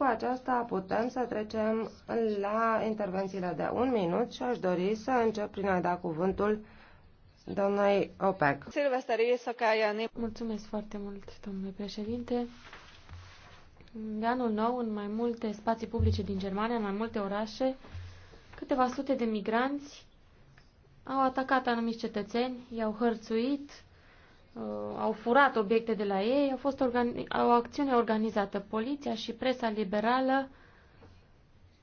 Cu aceasta putem să trecem la intervențiile de un minut și aș dori să încep prin a da cuvântul doamnei OPEC. Mulțumesc foarte mult, domnule președinte. De anul nou, în mai multe spații publice din Germania, în mai multe orașe, câteva sute de migranți au atacat anumiți cetățeni, i-au hărțuit, Uh, au furat obiecte de la ei, a fost o acțiune organizată. Poliția și presa liberală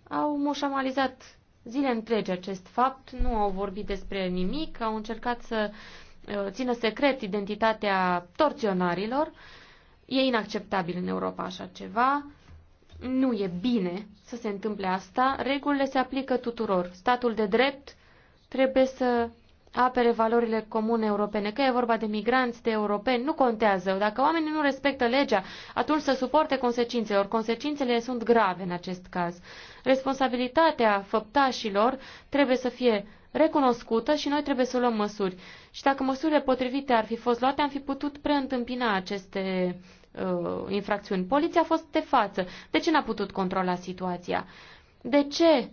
au moșamalizat zile întregi acest fapt, nu au vorbit despre nimic, au încercat să uh, țină secret identitatea torționarilor. E inacceptabil în Europa așa ceva. Nu e bine să se întâmple asta. Regulile se aplică tuturor. Statul de drept trebuie să apere valorile comune europene. Că e vorba de migranți, de europeni, nu contează. Dacă oamenii nu respectă legea, atunci să suporte consecințele. Ori consecințele sunt grave în acest caz. Responsabilitatea făptașilor trebuie să fie recunoscută și noi trebuie să luăm măsuri. Și dacă măsurile potrivite ar fi fost luate, am fi putut preîntâmpina aceste uh, infracțiuni. Poliția a fost de față. De ce n-a putut controla situația? De ce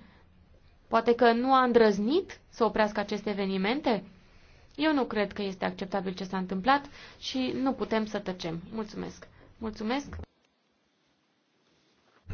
Poate că nu a îndrăznit să oprească aceste evenimente? Eu nu cred că este acceptabil ce s-a întâmplat și nu putem să tăcem. Mulțumesc. Mulțumesc.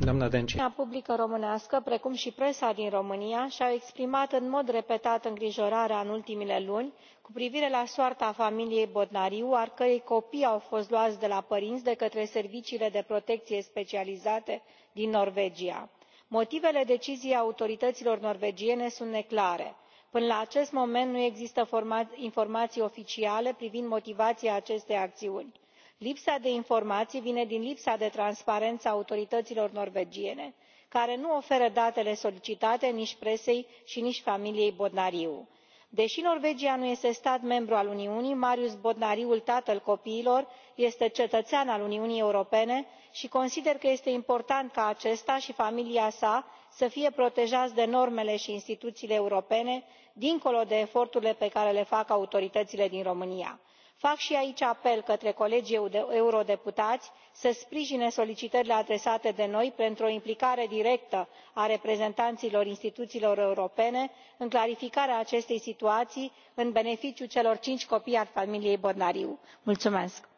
Doamna Denci. publică românească, precum și presa din România, și-au exprimat în mod repetat îngrijorarea în ultimele luni cu privire la soarta familiei Bodnariu, al cărei copii au fost luați de la părinți de către serviciile de protecție specializate din Norvegia motivele deciziei autorităților norvegiene sunt neclare până la acest moment nu există informații oficiale privind motivația acestei acțiuni. lipsa de informații vine din lipsa de transparență a autorităților norvegiene care nu oferă datele solicitate nici presei și nici familiei bodnariu deși norvegia nu este stat membru al uniunii marius botnariul tatăl copiilor este cetățean al uniunii europene și consider că este important ca acesta și familia sa să fie protejați de normele și instituțiile europene dincolo de eforturile pe care le fac autoritățile din românia fac și aici apel către colegii eurodeputați să sprijine solicitările adresate de noi pentru o implicare directă a reprezentanților instituțiilor europene în clarificarea acestei situații în beneficiul celor cinci copii ai familiei Bodnariu. mulțumesc.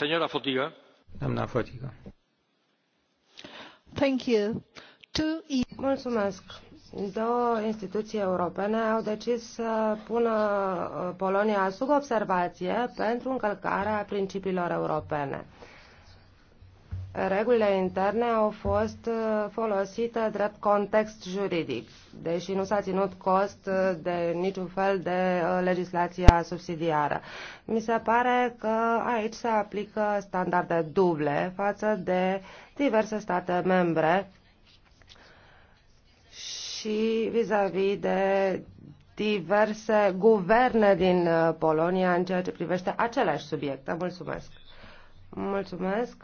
mulțumesc două instituții europene au decis să pună uh, Polonia sub observație pentru încălcarea principiilor europene. Regulile interne au fost uh, folosite drept context juridic, deși nu s-a ținut cost uh, de niciun fel de legislația subsidiară. Mi se pare că aici se aplică standarde duble față de diverse state membre și vis-a-vis -vis de diverse guverne din uh, Polonia în ceea ce privește același subiect. Mulțumesc. Mulțumesc.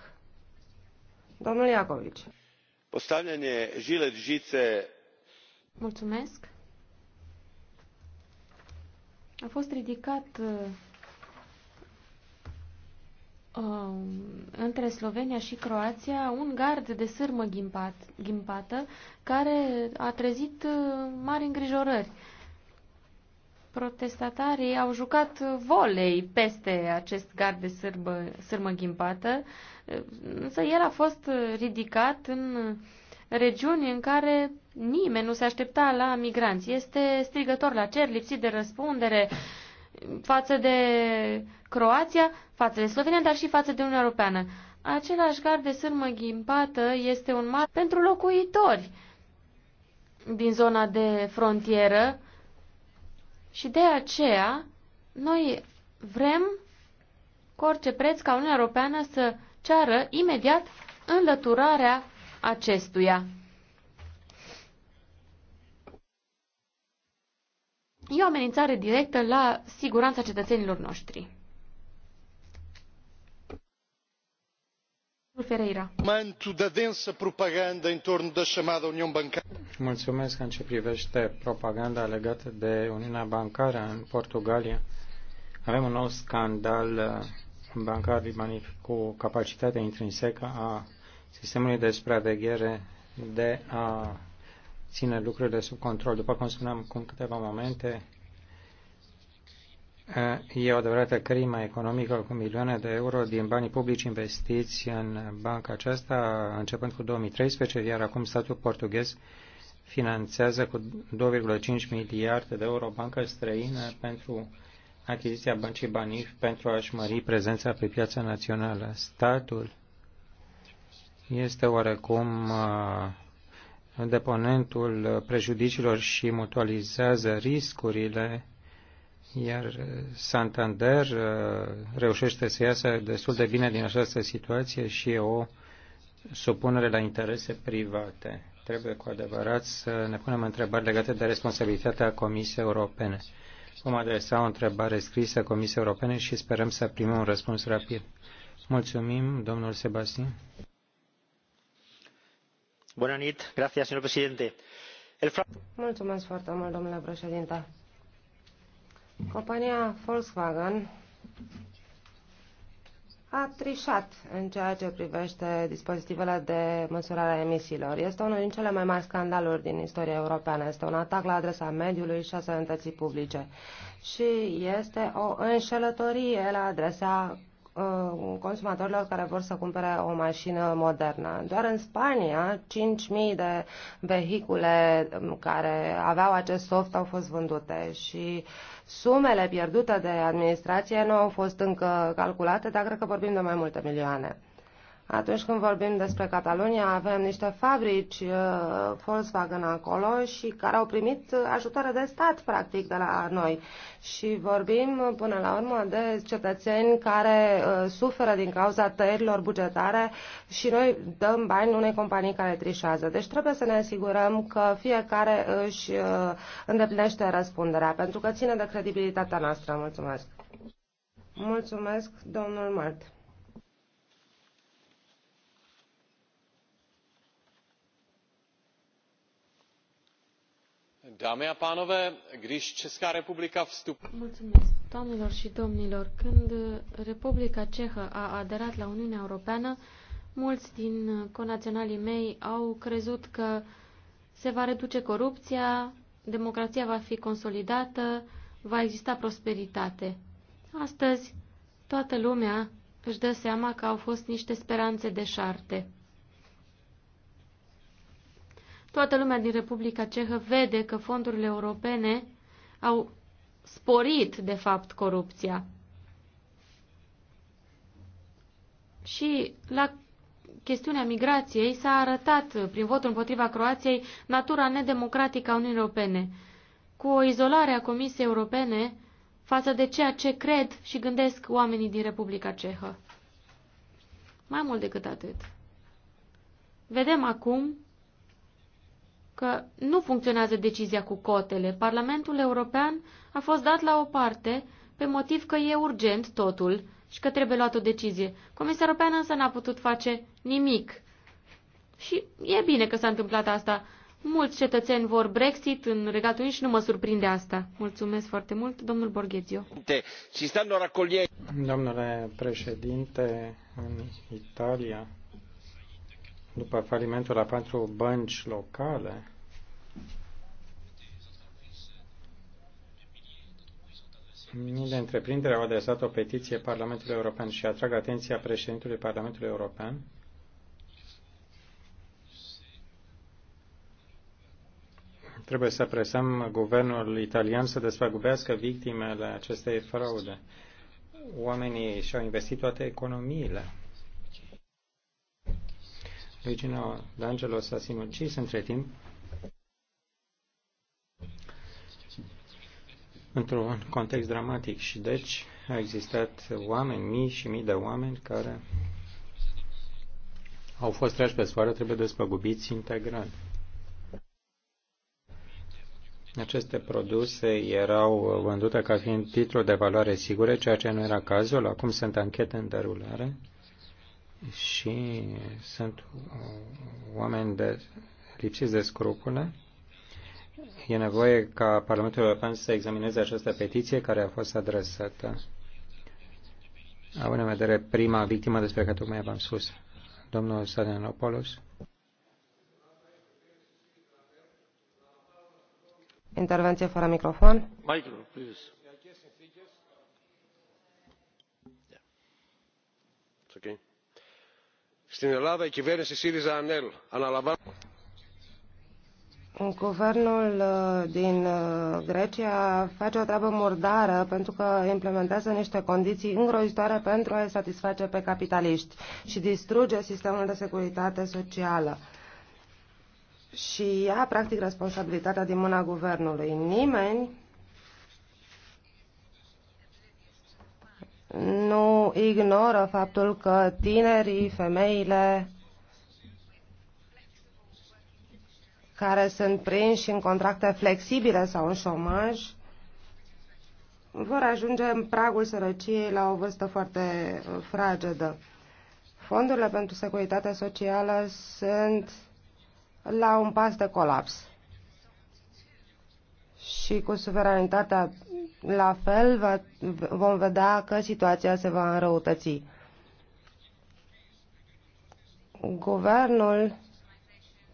Domnul Iacovici. Postavljanje žilet žice. Mulțumesc. A fost ridicat uh, Um, între Slovenia și Croația un gard de sârmă ghimpat, ghimpată care a trezit uh, mari îngrijorări. Protestatarii au jucat volei peste acest gard de sârbă, sârmă ghimpată, uh, însă el a fost ridicat în regiuni în care nimeni nu se aștepta la migranți. Este strigător la cer, lipsit de răspundere, uh, față de Croația, față de Slovenia, dar și față de Uniunea Europeană. Același gard de sârmă ghimpată este un mar pentru locuitori din zona de frontieră și de aceea noi vrem cu orice preț ca Uniunea Europeană să ceară imediat înlăturarea acestuia. E o amenințare directă la siguranța cetățenilor noștri. Da da Mulțumesc în ce privește propaganda legată de Uniunea Bancară în Portugalia. Avem un nou scandal uh, bancar cu capacitatea intrinsecă a sistemului de supraveghere de a ține lucrurile sub control. După cum spuneam acum câteva momente, e o adevărată crimă economică cu milioane de euro din banii publici investiți în banca aceasta, începând cu 2013, iar acum statul portughez finanțează cu 2,5 miliarde de euro bancă străină pentru achiziția băncii Banif pentru a-și mări prezența pe piața națională. Statul este oarecum uh, deponentul prejudiciilor și mutualizează riscurile, iar Santander uh, reușește să iasă destul de bine din această situație și e o supunere la interese private. Trebuie cu adevărat să ne punem întrebări legate de responsabilitatea Comisiei Europene. Vom adresa o întrebare scrisă Comisiei Europene și sperăm să primim un răspuns rapid. Mulțumim, domnul Sebastian domnule președinte Mulțumesc foarte mult, domnule președinte. Compania Volkswagen a trișat în ceea ce privește dispozitivele de măsurare a emisiilor. Este unul din cele mai mari scandaluri din istoria europeană. Este un atac la adresa mediului și a sănătății publice. Și este o înșelătorie la adresa Uh, consumatorilor care vor să cumpere o mașină modernă. Doar în Spania, 5.000 de vehicule um, care aveau acest soft au fost vândute și sumele pierdute de administrație nu au fost încă calculate, dar cred că vorbim de mai multe milioane. Atunci când vorbim despre Catalonia, avem niște fabrici uh, Volkswagen acolo și care au primit ajutoare de stat, practic, de la noi. Și vorbim, uh, până la urmă, de cetățeni care uh, suferă din cauza tăierilor bugetare și noi dăm bani unei companii care trișează. Deci trebuie să ne asigurăm că fiecare își uh, îndeplinește răspunderea, pentru că ține de credibilitatea noastră. Mulțumesc! Mulțumesc, domnul Mart. doamnelor și domnilor când republica cehă a aderat la uniunea europeană mulți din conaționalii mei au crezut că se va reduce corupția democrația va fi consolidată va exista prosperitate. Astăzi toată lumea își dă seama că au fost niște speranțe deșarte. Toată lumea din Republica Cehă vede că fondurile europene au sporit, de fapt, corupția. Și la chestiunea migrației s-a arătat, prin votul împotriva Croației, natura nedemocratică a Uniunii Europene, cu o izolare a Comisiei Europene față de ceea ce cred și gândesc oamenii din Republica Cehă. Mai mult decât atât. Vedem acum că nu funcționează decizia cu cotele. Parlamentul European a fost dat la o parte pe motiv că e urgent totul și că trebuie luat o decizie. Comisia Europeană însă n-a putut face nimic. Și e bine că s-a întâmplat asta. Mulți cetățeni vor Brexit în Regatul și nu mă surprinde asta. Mulțumesc foarte mult, domnul Borghezio. Domnule președinte, în Italia după falimentul a patru bănci locale, Mii de întreprinderi au adresat o petiție Parlamentului European și atrag atenția președintului Parlamentului European Trebuie să presăm guvernul italian să desfăgubească victimele acestei fraude. Oamenii și-au investit toate economiile. Regina D'Angelo s-a sinucis între timp într-un context dramatic și deci a existat oameni, mii și mii de oameni care au fost trași pe soară, trebuie despăgubiți integral. Aceste produse erau vândute ca fiind titluri de valoare sigure, ceea ce nu era cazul. Acum sunt anchete în derulare și sunt uh, oameni de, lipsiți de scrupule. E nevoie ca Parlamentul European să examineze această petiție care a fost adresată. Având în vedere prima victimă despre care tocmai v-am spus, domnul Sadenopoulos. Intervenție fără microfon. Micro, please. Στην Ελλάδα η κυβέρνηση ΣΥΡΙΖΑ ΑΝΕΛ αναλαμβάνει. Guvernul din Grecia face o treabă murdară pentru că implementează niște condiții îngrozitoare pentru a-i satisface pe capitaliști și distruge sistemul de securitate socială și ia practic responsabilitatea din mâna guvernului. Nimeni nu ignoră faptul că tinerii, femeile care sunt prinși în contracte flexibile sau în șomaj vor ajunge în pragul sărăciei la o vârstă foarte uh, fragedă. Fondurile pentru securitate socială sunt la un pas de colaps și cu suveranitatea la fel va, vom vedea că situația se va înrăutăți. Guvernul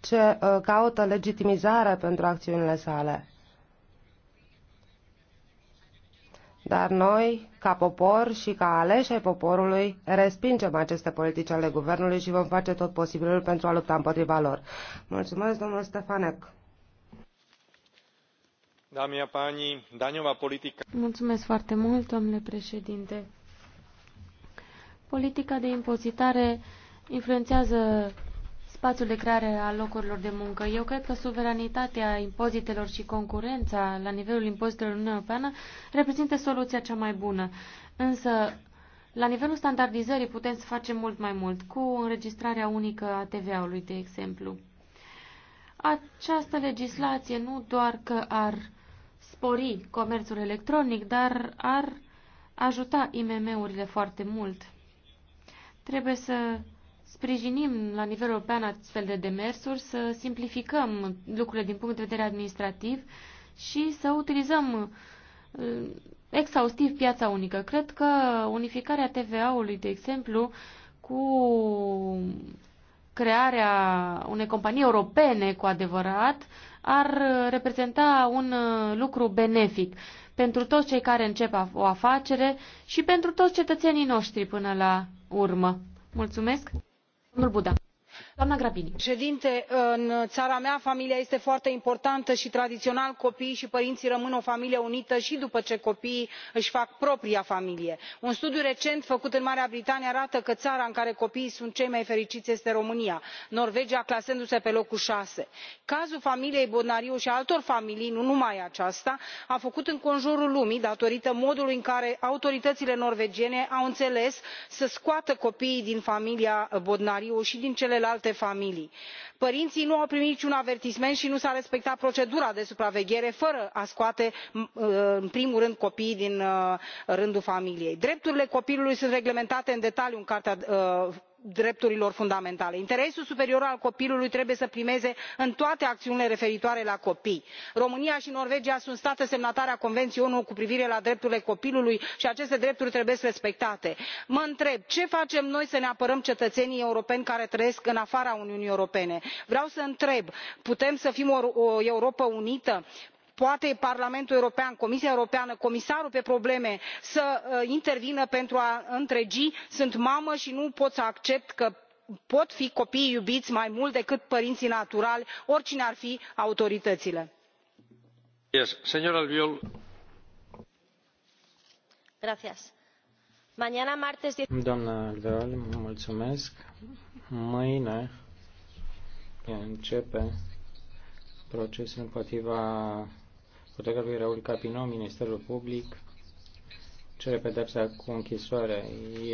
ce, uh, caută legitimizare pentru acțiunile sale. Dar noi, ca popor și ca aleși ai poporului, respingem aceste politici ale guvernului și vom face tot posibilul pentru a lupta împotriva lor. Mulțumesc, domnul Stefanec. Mulțumesc foarte mult, domnule președinte. Politica de impozitare influențează spațiul de creare a locurilor de muncă. Eu cred că suveranitatea impozitelor și concurența la nivelul impozitelor în Uniunea Europeană reprezintă soluția cea mai bună. Însă, la nivelul standardizării putem să facem mult mai mult, cu înregistrarea unică a TVA-ului, de exemplu. Această legislație nu doar că ar spori comerțul electronic, dar ar ajuta IMM-urile foarte mult. Trebuie să sprijinim la nivel european astfel de demersuri, să simplificăm lucrurile din punct de vedere administrativ și să utilizăm uh, exhaustiv piața unică. Cred că unificarea TVA-ului, de exemplu, cu crearea unei companii europene cu adevărat ar reprezenta un uh, lucru benefic pentru toți cei care încep o afacere și pentru toți cetățenii noștri până la urmă. Mulțumesc. Domnul Buda doamna președinte în țara mea familia este foarte importantă și tradițional copiii și părinții rămân o familie unită și după ce copiii își fac propria familie. un studiu recent făcut în marea britanie arată că țara în care copiii sunt cei mai fericiți este românia norvegia clasându se pe locul. șase cazul familiei bodnariu și al altor familii nu numai aceasta a făcut înconjurul lumii datorită modului în care autoritățile norvegiene au înțeles să scoată copiii din familia bodnariu și din celelalte aceste familii. părinții nu au primit niciun avertisment și nu s a respectat procedura de supraveghere fără a scoate uh, în primul rând copiii din uh, rândul familiei. drepturile copilului sunt reglementate în detaliu în carta drepturilor uh, drepturilor fundamentale interesul superior al copilului trebuie să primeze în toate acțiunile referitoare la copii. românia și norvegia sunt state semnatare ale convenției onu cu privire la drepturile copilului și aceste drepturi trebuie respectate. mă întreb ce facem noi să ne apărăm cetățenii europeni care trăiesc în afara uniunii europene? vreau să întreb putem să fim o europă unită? poate parlamentul european comisia europeană comisarul pe probleme să uh, intervină pentru a întregi sunt mamă și nu pot să accept că pot fi copiii iubiți mai mult decât părinții naturali oricine ar fi autoritățile. doamnă albiol mulțumesc. mâine începe procesul împotriva fotografului Raul Capino, Ministerul Public, cere pedepsa cu închisoarea.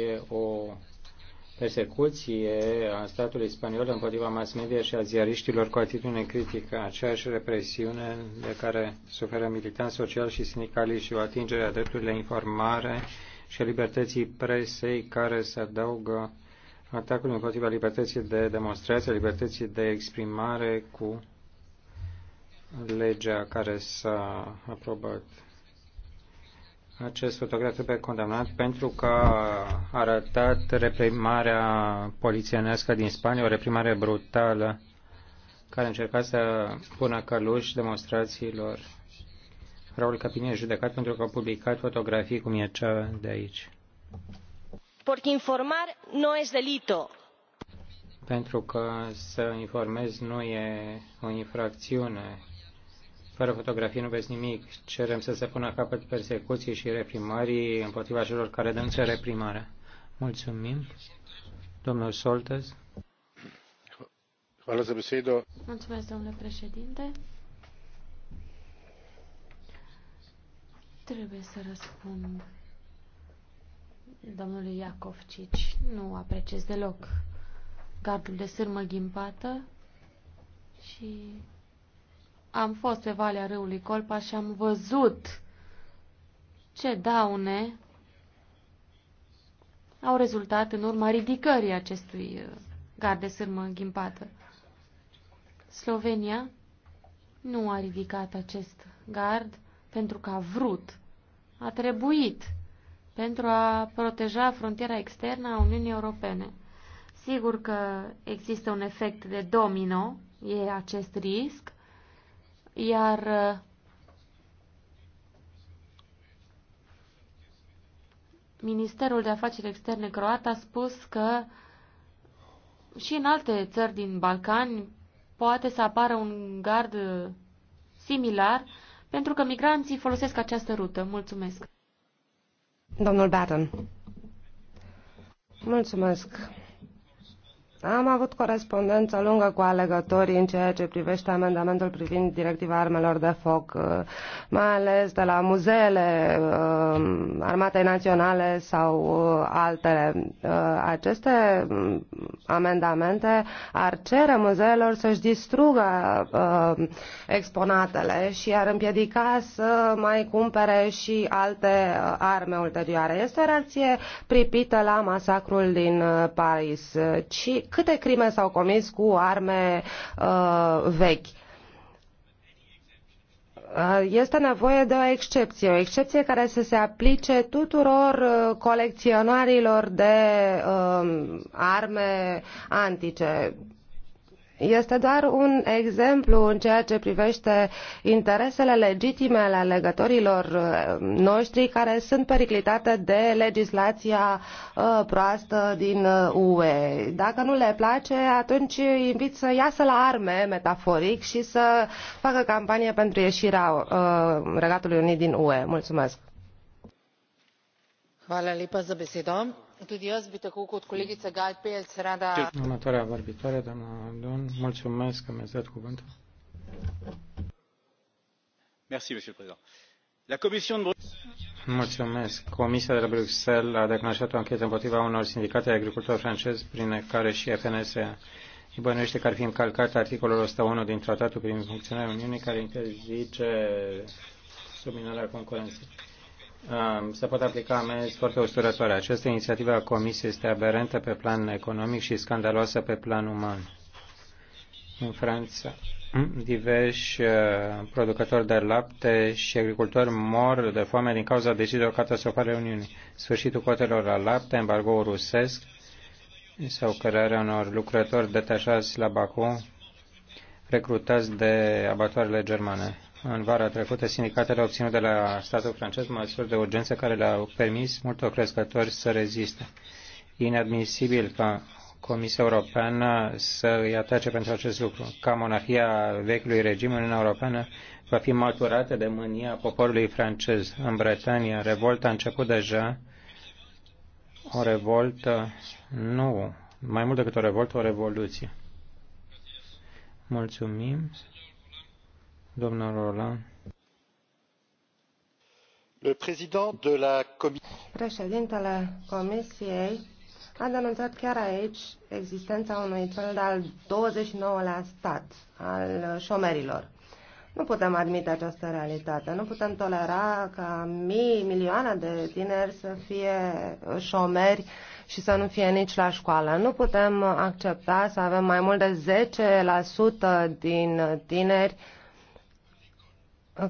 E o persecuție a statului spaniol împotriva mass media și a ziariștilor cu atitudine critică, aceeași represiune de care suferă militant social și sindicali și o atingere a drepturilor informare și a libertății presei care se adaugă atacul împotriva libertății de demonstrație, libertății de exprimare cu legea care s-a aprobat. Acest fotograf trebuie condamnat pentru că a arătat reprimarea polițienească din Spania, o reprimare brutală care încerca să pună căluși demonstrațiilor. Raul Capini e judecat pentru că a publicat fotografii cum e cea de aici. Porque informar no es delito. Pentru că să informezi nu e o infracțiune, fără fotografii nu vezi nimic. Cerem să se pună capăt persecuției și reprimării împotriva celor care denunță reprimarea. Mulțumim. Domnul Soltes. Mulțumesc, domnule președinte. Trebuie să răspund domnului Iacovcici. Nu apreciez deloc gardul de sârmă ghimpată și am fost pe Valea Râului Colpa și am văzut ce daune au rezultat în urma ridicării acestui uh, gard de sârmă ghimpată. Slovenia nu a ridicat acest gard pentru că a vrut, a trebuit pentru a proteja frontiera externă a Uniunii Europene. Sigur că există un efect de domino, e acest risc, iar uh, Ministerul de Afaceri Externe croat a spus că și în alte țări din Balcani poate să apară un gard similar, pentru că migranții folosesc această rută. Mulțumesc. Domnul Barton. Mulțumesc. Am avut corespondență lungă cu alegătorii în ceea ce privește amendamentul privind directiva armelor de foc, uh, mai ales de la muzeele uh, Armatei Naționale sau uh, altele. Aceste mm, amendamente ar cere muzeelor să-și distrugă exponatele și ar împiedica să mai cumpere și alte arme ulterioare. Este o reacție pripită la masacrul din Paris, ci câte crime s-au comis cu arme uh, vechi. Uh, este nevoie de o excepție, o excepție care să se aplice tuturor uh, colecționarilor de uh, arme antice este doar un exemplu în ceea ce privește interesele legitime ale alegătorilor uh, noștri care sunt periclitate de legislația uh, proastă din UE. Uh, Dacă nu le place, atunci îi invit să iasă la arme, metaforic, și să facă campanie pentru ieșirea Regatului Unit din UE. Mulțumesc! Hvala lepa za besedo. Următoarea vorbitoare, doamna Don, mulțumesc că mi-ați dat cuvântul. Mulțumesc. Comisia de la Bruxelles a declanșat o anchetă împotriva unor sindicate de agricultori francezi, prin care și FNS bănuiește că ar fi încălcat articolul 101 din tratatul privind funcționarea Uniunii, care interzice subminarea concurenței. Um, se pot aplica amenzi foarte usturătoare. Această inițiativă a Comisiei este aberentă pe plan economic și scandaloasă pe plan uman. În Franța, diversi uh, producători de lapte și agricultori mor de foame din cauza deciziilor catastrofale Uniunii. Sfârșitul cotelor la lapte, embargo rusesc sau crearea unor lucrători detașați la Baku recrutați de abatoarele germane în vara trecută, sindicatele au obținut de la statul francez măsuri de urgență care le-au permis multor crescători să reziste. E inadmisibil ca Comisia Europeană să îi atace pentru acest lucru. Ca monarhia vechiului regim, Uniunea Europeană va fi maturată de mânia poporului francez. În Bretania, revolta a început deja. O revoltă, nu, mai mult decât o revoltă, o revoluție. Mulțumim. Roland. Președintele Comisiei a denunțat chiar aici existența unui fel de-al 29-lea stat al șomerilor. Nu putem admite această realitate. Nu putem tolera ca mii, milioane de tineri să fie șomeri și să nu fie nici la școală. Nu putem accepta să avem mai mult de 10% din tineri uh,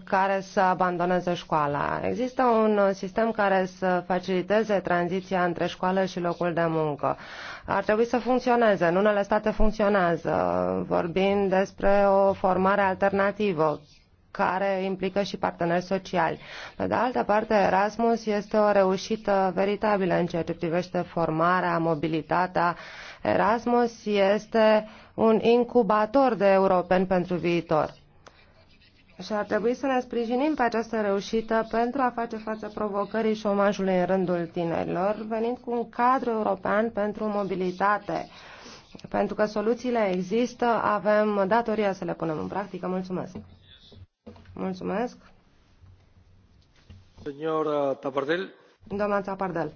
care să abandoneze școala. Există un sistem care să faciliteze tranziția între școală și locul de muncă. Ar trebui să funcționeze. În unele state funcționează. Vorbim despre o formare alternativă care implică și parteneri sociali. Pe de altă parte, Erasmus este o reușită veritabilă în ceea ce privește formarea, mobilitatea. Erasmus este un incubator de europeni pentru viitor. Și ar trebui să ne sprijinim pe această reușită pentru a face față provocării șomajului în rândul tinerilor, venind cu un cadru european pentru mobilitate. Pentru că soluțiile există, avem datoria să le punem în practică. Mulțumesc! Mulțumesc! Domnul Tapardel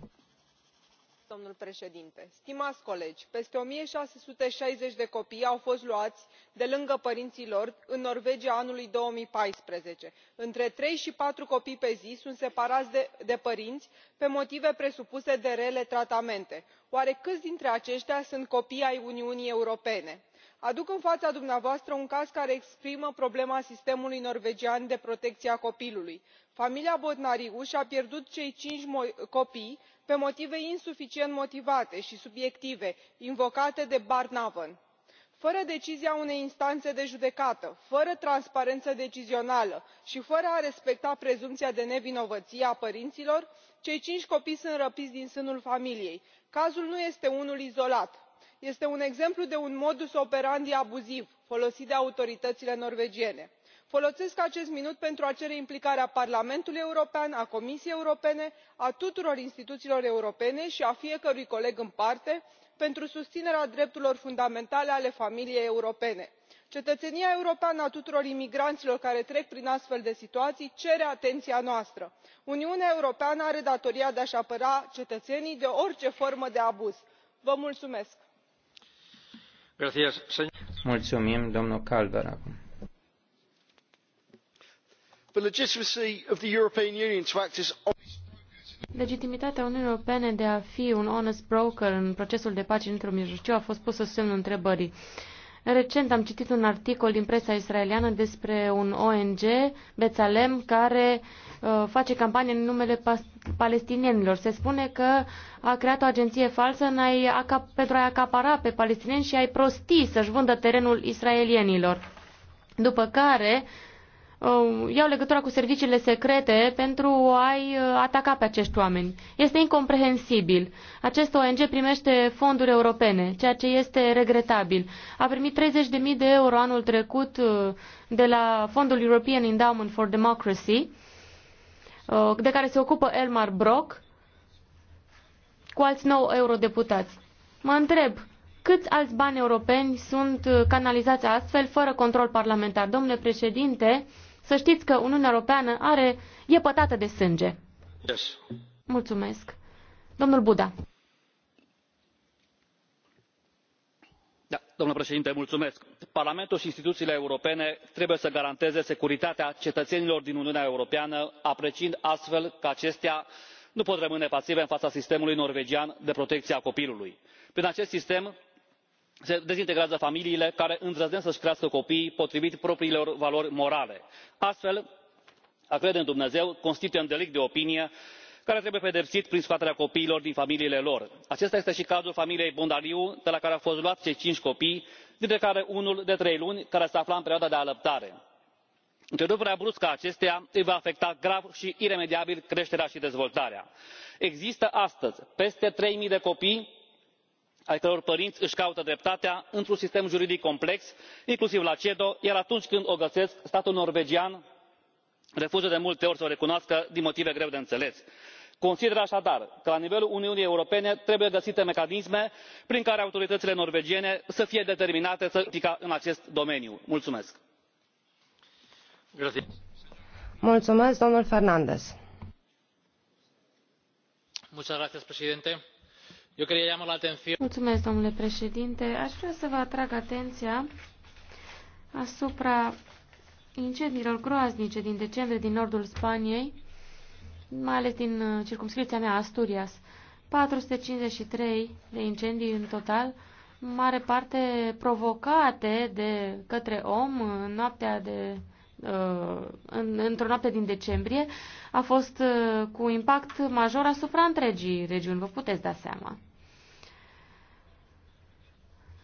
domnule președinte stimați colegi peste unu șase sute șaizeci de copii au fost luați de lângă părinții lor în norvegia anului. două mii paisprezece între trei și patru copii pe zi sunt separați de părinți pe motive presupuse de rele tratamente. oare câți dintre aceștia sunt copii ai uniunii europene? aduc în fața dumneavoastră un caz care exprimă problema sistemului norvegian de protecție a copilului. familia botnariu și a pierdut cei cinci copii pe motive insuficient motivate și subiective invocate de barnavon fără decizia unei instanțe de judecată fără transparență decizională și fără a respecta prezumția de nevinovăție a părinților cei cinci copii sunt răpiți din sânul familiei. cazul nu este unul izolat este un exemplu de un modus operandi abuziv folosit de autoritățile norvegiene folosesc acest minut pentru a cere implicarea parlamentului european a comisiei europene a tuturor instituțiilor europene și a fiecărui coleg în parte pentru susținerea drepturilor fundamentale ale familiei europene. cetățenia europeană a tuturor imigranților care trec prin astfel de situații cere atenția noastră. uniunea europeană are datoria de a și apăra cetățenii de orice formă de abuz. vă mulțumesc. mulțumim domnul Legitimitatea Uniunii Europene de a fi un honest broker în procesul de pace într-o mijlociu a fost pusă semnul întrebării. Recent am citit un articol din presa israeliană despre un ONG, Bețalem, care uh, face campanie în numele palestinienilor. Se spune că a creat o agenție falsă în a acap- pentru a-i acapara pe palestinieni și a-i prosti să-și vândă terenul israelienilor. După care, Um, iau legătura cu serviciile secrete pentru a-i uh, ataca pe acești oameni. Este incomprehensibil. Acest ONG primește fonduri europene, ceea ce este regretabil. A primit 30.000 de euro anul trecut uh, de la fondul European Endowment for Democracy, uh, de care se ocupă Elmar Brock, cu alți 9 eurodeputați. Mă întreb, câți alți bani europeni sunt canalizați astfel, fără control parlamentar? Domnule președinte, să știți că Uniunea Europeană are, e pătată de sânge. Yes. Mulțumesc. Domnul Buda. Da, domnul președinte mulțumesc. parlamentul și instituțiile europene trebuie să garanteze securitatea cetățenilor din uniunea europeană apreciind astfel că acestea nu pot rămâne pasive în fața sistemului norvegian de protecție a copilului. prin acest sistem se dezintegrează familiile care îndrăznesc să și crească copiii potrivit propriilor valori morale. astfel a crede în dumnezeu constituie un delict de opinie care trebuie pedepsit prin scoaterea copiilor din familiile lor. acesta este și cazul familiei bondaliu de la care au fost luați cei cinci copii dintre care unul de trei luni care se afla în perioada de alăptare. întreruperea bruscă a acesteia îi va afecta grav și iremediabil creșterea și dezvoltarea. există astăzi peste trei zero de copii ai căror părinți își caută dreptatea într un sistem juridic complex inclusiv la cedo iar atunci când o găsesc statul norvegian refuză de multe ori să o recunoască din motive greu de înțeles. consider așadar că la nivelul uniunii europene trebuie găsite mecanisme prin care autoritățile norvegiene să fie determinate să politica în acest domeniu. mulțumesc. mulțumesc domnul domnule președinte. Aș vrea să vă atrag atenția asupra incendiilor groaznice din decembrie din nordul Spaniei, mai ales din uh, circumscripția mea, Asturias. 453 de incendii în total, mare parte provocate de către om în noaptea de uh, în, într-o noapte din decembrie a fost uh, cu impact major asupra întregii regiuni, vă puteți da seama.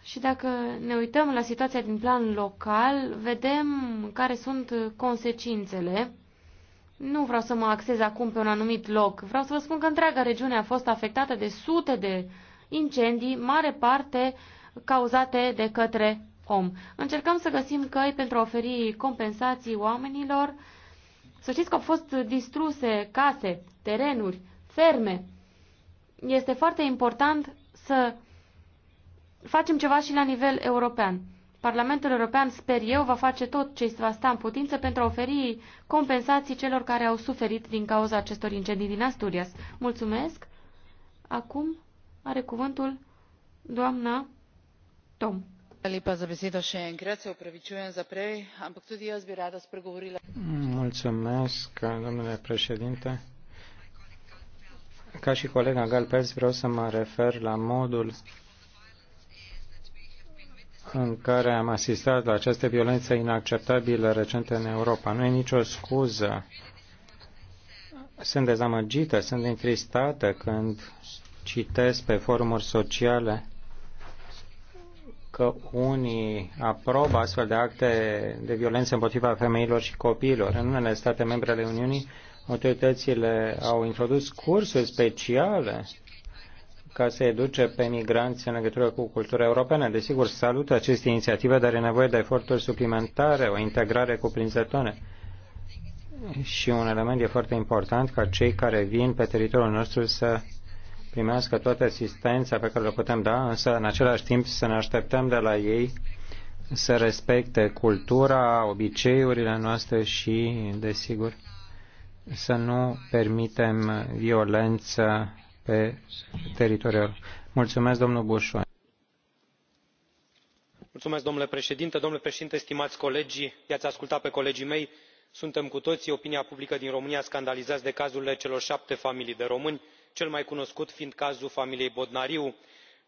Și dacă ne uităm la situația din plan local, vedem care sunt consecințele. Nu vreau să mă axez acum pe un anumit loc. Vreau să vă spun că întreaga regiune a fost afectată de sute de incendii, mare parte cauzate de către om. Încercăm să găsim căi pentru a oferi compensații oamenilor. Să știți că au fost distruse case, terenuri, ferme. Este foarte important să facem ceva și la nivel european. Parlamentul European, sper eu, va face tot ce va sta în putință pentru a oferi compensații celor care au suferit din cauza acestor incendii din Asturias. Mulțumesc! Acum are cuvântul doamna Tom. Mulțumesc, domnule președinte. Ca și colega Galpers, vreau să mă refer la modul în care am asistat la această violență inacceptabilă recentă în Europa. Nu e nicio scuză. Sunt dezamăgită, sunt întristată când citesc pe forumuri sociale că unii aprobă astfel de acte de violență împotriva femeilor și copiilor. În unele state membre ale Uniunii, autoritățile au introdus cursuri speciale ca să educe pe migranți în legătură cu cultura europeană. Desigur, salut aceste inițiative, dar e nevoie de eforturi suplimentare, o integrare cuprinzătoare. Și un element e foarte important ca cei care vin pe teritoriul nostru să primească toată asistența pe care o putem da, însă în același timp să ne așteptăm de la ei să respecte cultura, obiceiurile noastre și, desigur, să nu permitem violență pe teritoriul. Mulțumesc, domnul Bușoan. Mulțumesc, domnule președinte, domnule președinte, stimați colegi, i-ați ascultat pe colegii mei. Suntem cu toții, opinia publică din România, scandalizați de cazurile celor șapte familii de români, cel mai cunoscut fiind cazul familiei Bodnariu,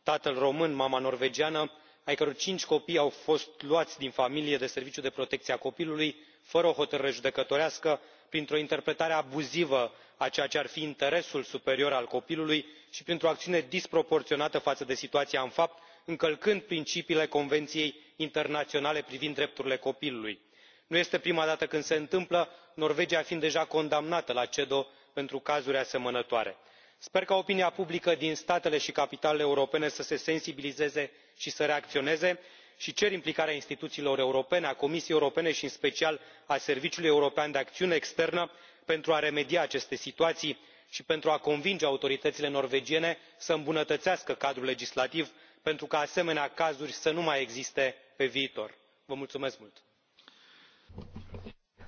tatăl român, mama norvegiană, ai căror cinci copii au fost luați din familie de serviciu de protecție a copilului fără o hotărâre judecătorească printr o interpretare abuzivă a ceea ce ar fi interesul superior al copilului și printr o acțiune disproporționată față de situația în fapt încălcând principiile convenției internaționale privind drepturile copilului. nu este prima dată când se întâmplă norvegia fiind deja condamnată la cedo pentru cazuri asemănătoare. sper ca opinia publică din statele și capitalele europene să se sensibilizeze și să reacționeze și cer implicarea instituțiilor europene a comisiei europene și în special a serviciului european de acțiune externă pentru a remedia aceste situații și pentru a convinge autoritățile norvegiene să îmbunătățească cadrul legislativ pentru ca asemenea cazuri să nu mai existe pe viitor. vă mulțumesc mult.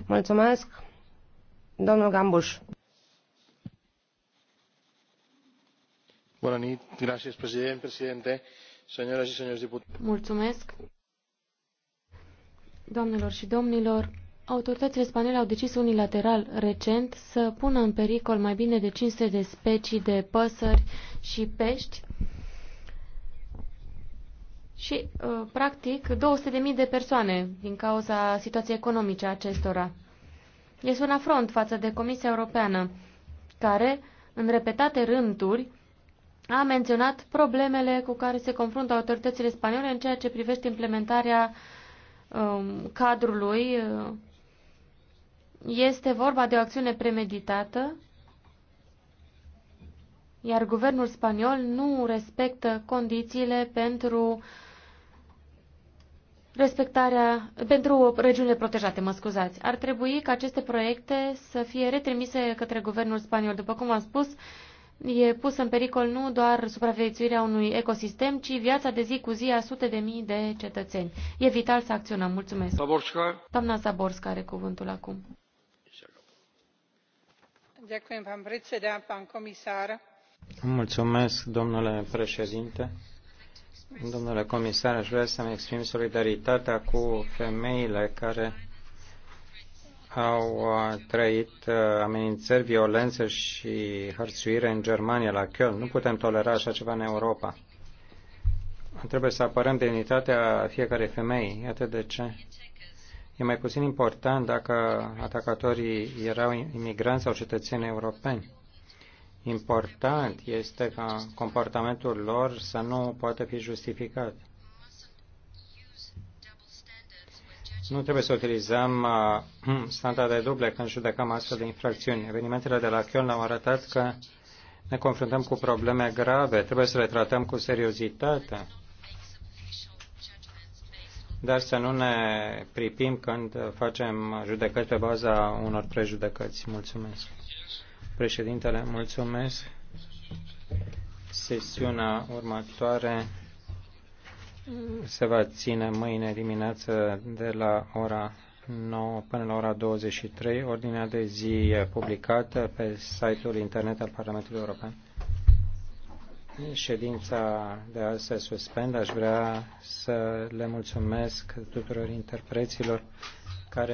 Mulțumesc. Domnul Gambuș. Bună, gracias, președinte. Mulțumesc. Doamnelor și domnilor, autoritățile spaniole au decis unilateral recent să pună în pericol mai bine de 500 de specii de păsări și pești și, uh, practic, 200.000 de persoane din cauza situației economice a acestora. Este un afront față de Comisia Europeană, care, în repetate rânduri, a menționat problemele cu care se confruntă autoritățile spaniole în ceea ce privește implementarea um, cadrului. Este vorba de o acțiune premeditată, iar guvernul spaniol nu respectă condițiile pentru respectarea pentru regiunile protejate, mă scuzați. Ar trebui ca aceste proiecte să fie retrimise către guvernul spaniol. După cum am spus, e pus în pericol nu doar supraviețuirea unui ecosistem, ci viața de zi cu zi a sute de mii de cetățeni. E vital să acționăm. Mulțumesc. Zaborska. Doamna Zaborska are cuvântul acum. Mulțumesc, domnule președinte. Domnule comisar, aș vrea să-mi exprim solidaritatea cu femeile care au uh, trăit uh, amenințări, violențe și hărțuire în Germania, la Köln. Nu putem tolera așa ceva în Europa. Trebuie să apărăm demnitatea fiecarei femei. Iată de ce. E mai puțin important dacă atacatorii erau imigranți sau cetățeni europeni. Important este ca comportamentul lor să nu poată fi justificat. Nu trebuie să utilizăm uh, standarde duble când judecăm astfel de infracțiuni. Evenimentele de la Köln au arătat că ne confruntăm cu probleme grave, trebuie să le tratăm cu seriozitate, dar să nu ne pripim când facem judecăți pe baza unor prejudecăți. Mulțumesc. Președintele, mulțumesc. Sesiunea următoare se va ține mâine dimineață de la ora 9 până la ora 23. Ordinea de zi publicată pe site-ul internet al Parlamentului European. Ședința de azi se suspendă. Aș vrea să le mulțumesc tuturor interpreților care